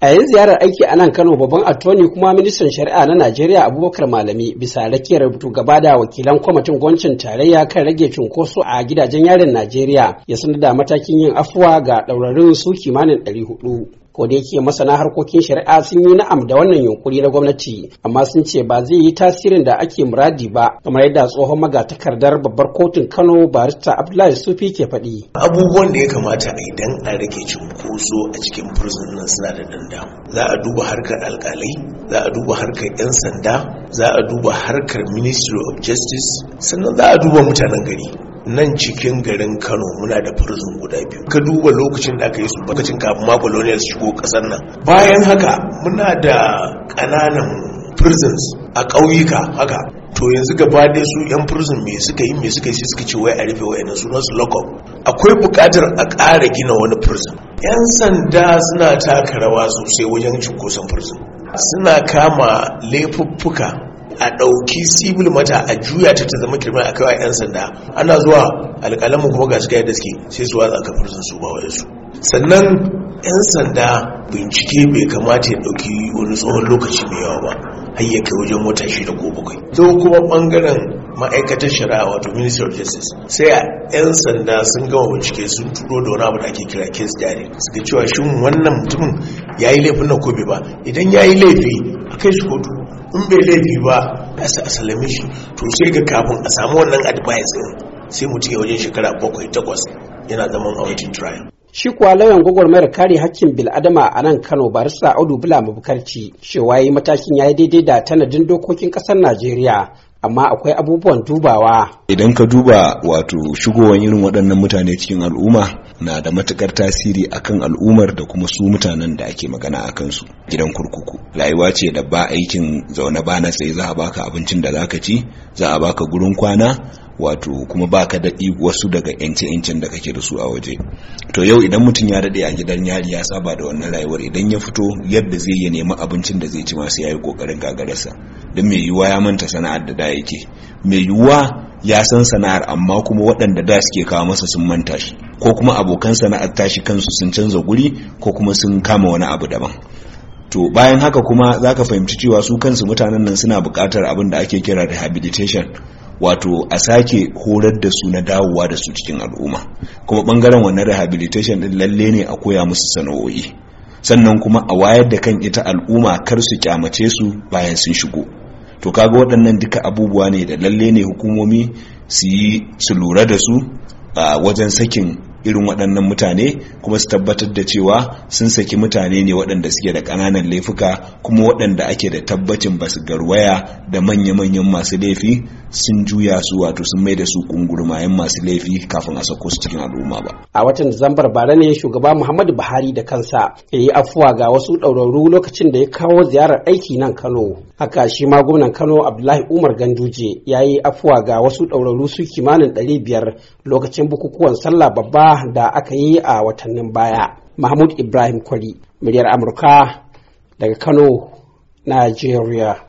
a yayin ziyarar aiki a nan kano babban attorney kuma ministan shari'a na najeriya abubakar malami bisa rakiyar rubutu gaba da wakilan kwamitin gwancin tarayya kan rage cunkoso a gidajen yarin najeriya ya sanar da matakin yin afuwa ga ɗaurarin su kimanin 400 ko da yake masana harkokin shari'a sun yi na'am da wannan yunkuri na gwamnati amma sun ce ba zai yi tasirin da ake muradi ba kamar yadda tsohon magatakardar babbar kotun kano barista abdullahi sufi ke faɗi. abubuwan da ya kamata a idan a rage cunkoso a cikin prison nan suna da danda za a duba harkar alkalai za a duba harkar 'yan sanda za a duba harkar ministry of justice sannan za a duba mutanen gari nan cikin garin kano muna da prison guda biyu ka duba lokacin da aka yi su lokacin kafin ma su shigo kasar nan bayan haka muna da ƙananan prisons a ƙauyuka haka to yanzu gaba ɗaya su yan prison me suka yi me suka yi suka ce wai a rufe wayannan sunan su lock akwai buƙatar a ƙara gina wani prison yan sanda suna taka rawa sosai wajen cunkoson prison suna kama laifuffuka a ɗauki civil mata a juya ta ta zama kirma a kawai 'yan sanda ana zuwa alƙalanmu kuma ga shiga yadda suke sai su watsa kafar sun su ba wayansu sannan 'yan sanda bincike bai kamata ya ɗauki wani tsohon lokaci mai yawa ba har ya wajen wata shida ko bakwai to kuma bangaren ma'aikatar shari'a wato minister of justice sai a 'yan sanda sun gama bincike sun turo da wani abu da ake kira case diary suka cewa shin wannan mutumin ya yi laifin na kobe ba idan ya yi laifi a kai shi kotu in bai laifi ba ya sa a shi to sai ga kafin a samu wannan advice din sai mu ya wajen shekara bakwai takwas yana zama a wajen trial shi kuwa lauyan gwagwarmayar kare hakkin bil'adama a nan kano barista audu bila mabukarci cewa yi matakin ya yi daidai da tanadin dokokin ƙasar najeriya amma akwai abubuwan dubawa. Idan ka duba wato shigowar irin waɗannan mutane cikin al'umma na da matukar tasiri akan al'ummar da kuma su mutanen da ake magana a kansu gidan kurkuku. Rayuwa ce da ba aikin zaune ba na tsaye za a baka abincin da zaka ci, za a baka gurin kwana, wato kuma baka da wasu daga yance yancin da kake da su a waje to yau idan mutum ya daɗe a gidan yari ya saba da wannan rayuwar idan ya fito yadda zai ya nemi abincin da zai ci masu yayi kokarin gagararsa don mai yiwuwa ya manta sana'ar da da yake mai yiwuwa ya san sana'ar amma kuma waɗanda da suke kawo masa sun manta shi ko kuma abokan sana'ar tashi kansu sun canza guri ko kuma sun kama wani abu daban to bayan haka kuma zaka fahimci cewa su kansu mutanen nan suna buƙatar abin da ake kira rehabilitation wato a sake horar da su na dawowa da su cikin al'umma kuma bangaren wannan rehabilitation din lalle ne a koya musu sana'o'i sannan kuma a wayar da kan ita al'umma kar su kyamace su bayan sun shigo to kaga waɗannan duka abubuwa ne da lalle ne hukumomi su yi su lura da su a wajen sakin irin waɗannan mutane kuma su tabbatar da cewa sun saki mutane ne waɗanda suke da ƙananan laifuka kuma waɗanda ake da tabbacin ba su garwaya da manya-manyan masu laifi sun juya su wato sun mai da su kungurmayen masu laifi kafin a sako su cikin al'umma ba. A watan Disambar bara ne shugaba Muhammadu Buhari da kansa ya yi afuwa ga wasu ɗaurarru lokacin da ya kawo ziyarar aiki nan Kano. Haka shi ma gwamnan Kano Abdullahi Umar Ganduje ya yi afuwa ga wasu ɗaurarru su kimanin ɗari biyar lokacin bukukuwan sallah babba da aka yi a watannin baya mahmud ibrahim kwari muryar amurka daga kano nigeria